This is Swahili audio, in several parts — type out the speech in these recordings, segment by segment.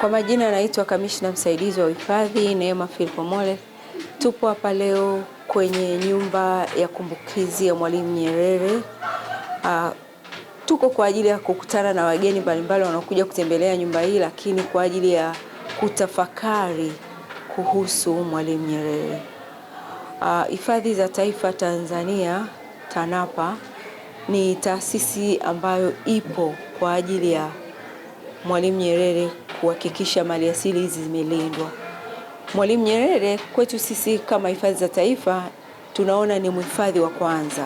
Kwa majina anaitwa Kamishna Msaidizi wa Uhifadhi Neema Filipo Mole. Tupo hapa leo kwenye nyumba ya kumbukizi ya Mwalimu Nyerere. Uh, tuko kwa ajili ya kukutana na wageni mbalimbali wanaokuja kutembelea nyumba hii, lakini kwa ajili ya kutafakari kuhusu Mwalimu Nyerere. Ah, hifadhi uh, za Taifa Tanzania TANAPA ni taasisi ambayo ipo kwa ajili ya Mwalimu Nyerere kuhakikisha mali asili hizi zimelindwa. Mwalimu Nyerere kwetu sisi kama hifadhi za taifa tunaona ni mhifadhi wa kwanza,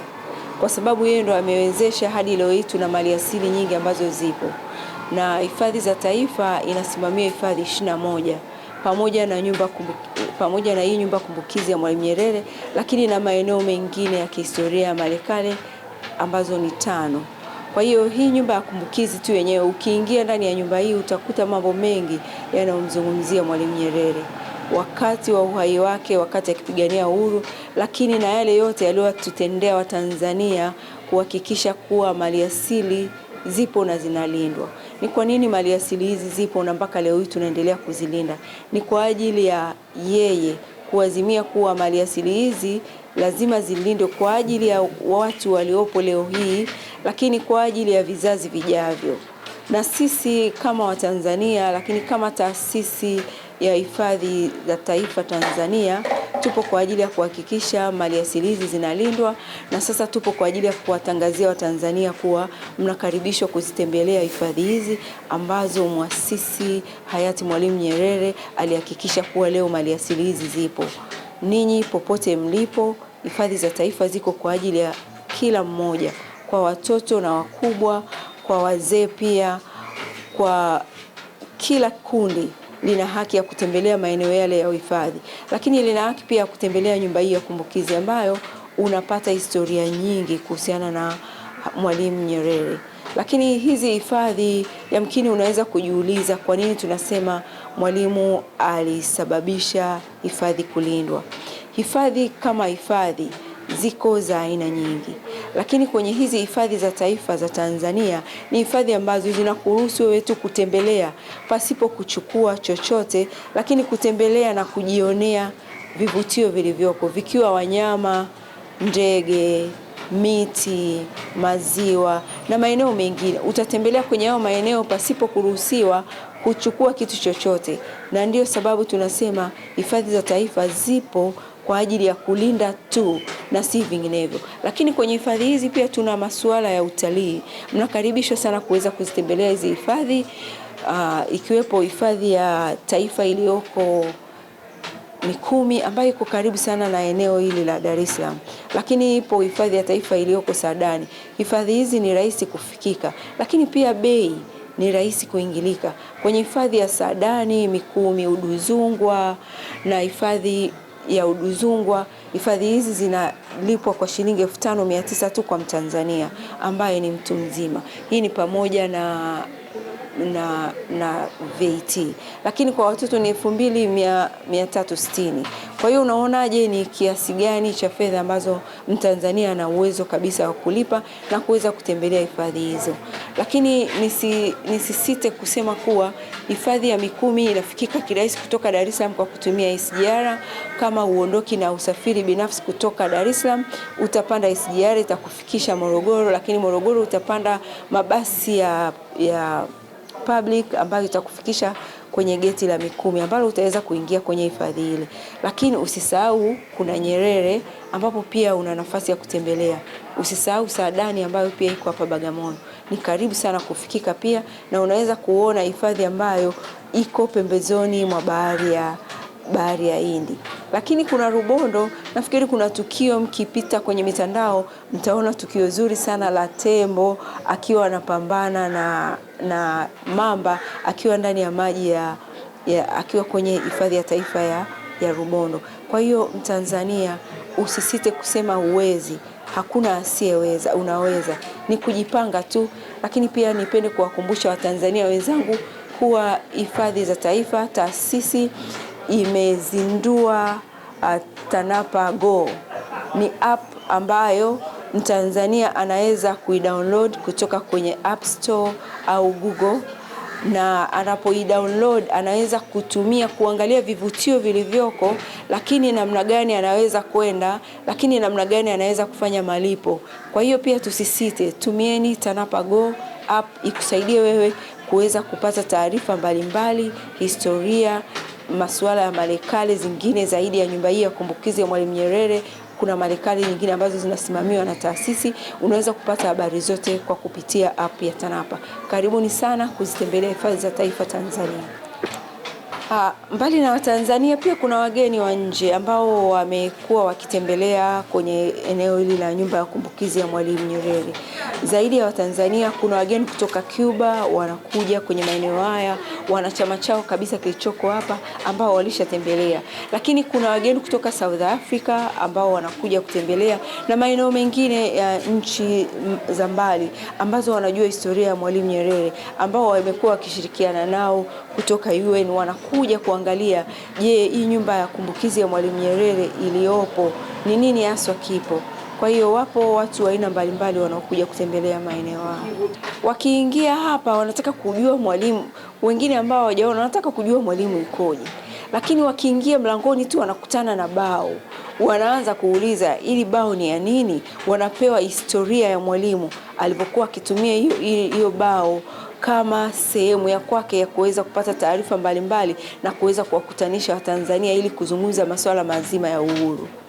kwa sababu yeye ndo amewezesha hadi leo hii tuna mali asili nyingi ambazo zipo, na hifadhi za taifa inasimamia hifadhi ishirini na moja pamoja na nyumba kumbu, pamoja na hii nyumba kumbukizi ya Mwalimu Nyerere, lakini na maeneo mengine ya kihistoria ya Malekale ambazo ni tano. Kwa hiyo hii nyumba ya kumbukizi tu yenyewe, ukiingia ndani ya nyumba hii utakuta mambo mengi yanayomzungumzia Mwalimu Nyerere wakati wa uhai wake, wakati akipigania uhuru, lakini na yale yote yaliyotutendea Watanzania kuhakikisha kuwa maliasili zipo na zinalindwa. Ni kwa nini maliasili hizi zipo na mpaka leo hii tunaendelea kuzilinda? Ni kwa ajili ya yeye kuazimia kuwa maliasili hizi lazima zilindwe kwa ajili ya watu waliopo leo hii, lakini kwa ajili ya vizazi vijavyo. Na sisi kama Watanzania, lakini kama taasisi ya hifadhi za taifa Tanzania, tupo kwa ajili ya kuhakikisha maliasili hizi zinalindwa, na sasa tupo kwa ajili ya kuwatangazia Watanzania kuwa mnakaribishwa kuzitembelea hifadhi hizi ambazo mwasisi hayati Mwalimu Nyerere alihakikisha kuwa leo maliasili hizi zipo. Ninyi popote mlipo, hifadhi za taifa ziko kwa ajili ya kila mmoja, kwa watoto na wakubwa, kwa wazee pia, kwa kila kundi lina haki ya kutembelea maeneo yale ya uhifadhi, lakini lina haki pia ya kutembelea nyumba hii ya kumbukizi ambayo unapata historia nyingi kuhusiana na Mwalimu Nyerere. Lakini hizi hifadhi yamkini, unaweza kujiuliza kwa nini tunasema Mwalimu alisababisha hifadhi kulindwa. Hifadhi kama hifadhi ziko za aina nyingi, lakini kwenye hizi hifadhi za taifa za Tanzania ni hifadhi ambazo zinakuruhusu wewe tu kutembelea pasipo kuchukua chochote, lakini kutembelea na kujionea vivutio vilivyopo vikiwa wanyama, ndege miti, maziwa na maeneo mengine. Utatembelea kwenye hayo maeneo pasipo kuruhusiwa kuchukua kitu chochote, na ndiyo sababu tunasema hifadhi za taifa zipo kwa ajili ya kulinda tu na si vinginevyo. Lakini kwenye hifadhi hizi pia tuna masuala ya utalii. Mnakaribishwa sana kuweza kuzitembelea hizi hifadhi uh, ikiwepo hifadhi ya taifa iliyoko Mikumi ambayo iko karibu sana na eneo hili la Dar es Salaam, lakini ipo hifadhi ya taifa iliyoko Saadani. Hifadhi hizi ni rahisi kufikika, lakini pia bei ni rahisi kuingilika. Kwenye hifadhi ya Saadani, Mikumi, Uduzungwa na hifadhi ya Uduzungwa, hifadhi hizi zinalipwa kwa shilingi elfu tano mia tisa tu kwa Mtanzania ambaye ni mtu mzima. Hii ni pamoja na na, na VAT, e lakini kwa watoto ni elfu mbili mia tatu sitini. Kwa hiyo unaonaje, ni kiasi gani cha fedha ambazo Mtanzania ana uwezo kabisa wa kulipa na kuweza kutembelea hifadhi hizo. Lakini nisi, nisisite kusema kuwa hifadhi ya Mikumi inafikika kirahisi kutoka Dar es Salaam kwa kutumia SGR. Kama uondoki na usafiri binafsi kutoka Dar es Salaam, utapanda SGR itakufikisha Morogoro, lakini Morogoro utapanda mabasi ya, ya public ambayo itakufikisha kwenye geti la Mikumi ambalo utaweza kuingia kwenye hifadhi ile, lakini usisahau kuna Nyerere ambapo pia una nafasi ya kutembelea. Usisahau Saadani ambayo pia iko hapa Bagamoyo, ni karibu sana kufikika pia, na unaweza kuona hifadhi ambayo iko pembezoni mwa bahari ya bahari ya Hindi. Lakini kuna Rubondo, nafikiri kuna tukio, mkipita kwenye mitandao mtaona tukio zuri sana la tembo akiwa anapambana na, na mamba akiwa ndani ya maji ya, ya akiwa kwenye hifadhi ya taifa ya, ya Rubondo. Kwa hiyo Mtanzania usisite kusema uwezi, hakuna asiyeweza, unaweza. Ni kujipanga tu, lakini pia nipende kuwakumbusha Watanzania wenzangu kuwa hifadhi za taifa, taasisi imezindua uh, Tanapa Go. Ni app ambayo Mtanzania anaweza kuidownload kutoka kwenye App Store au Google na anapoidownload anaweza kutumia kuangalia vivutio vilivyoko, lakini namna gani anaweza kwenda, lakini namna gani anaweza kufanya malipo. Kwa hiyo pia tusisite, tumieni Tanapa Go app ikusaidie wewe kuweza kupata taarifa mbalimbali, historia masuala ya marekali zingine zaidi ya nyumba hii ya kumbukizi ya Mwalimu Nyerere. Kuna marekali nyingine ambazo zinasimamiwa na taasisi. Unaweza kupata habari zote kwa kupitia app ya TANAPA. Karibuni sana kuzitembelea hifadhi za taifa Tanzania. Ha, ah, mbali na Watanzania pia kuna wageni wa nje ambao wamekuwa wakitembelea kwenye eneo hili la nyumba ya kumbukizi ya Mwalimu Nyerere. Zaidi ya Watanzania kuna wageni kutoka Cuba wanakuja kwenye maeneo haya, wana chama chao kabisa kilichoko hapa ambao walishatembelea, lakini kuna wageni kutoka South Africa ambao wanakuja kutembelea na maeneo mengine ya nchi za mbali ambazo wanajua historia ya Mwalimu Nyerere ambao wamekuwa wakishirikiana nao kutoka UN wanakuja kuja kuangalia, je, hii nyumba ya kumbukizi ya Mwalimu Nyerere iliyopo ni nini haswa kipo. Kwa hiyo wapo watu wa aina mbalimbali wanaokuja kutembelea maeneo hayo. Wakiingia hapa wanataka kujua mwalimu, wengine ambao hawajaona wanataka kujua mwalimu ikoje. lakini wakiingia mlangoni tu wanakutana na bao, wanaanza kuuliza ili bao ni ya nini, wanapewa historia ya mwalimu alivyokuwa akitumia hiyo bao kama sehemu ya kwake ya kuweza kupata taarifa mbalimbali na kuweza kuwakutanisha Watanzania ili kuzungumza masuala mazima ya uhuru.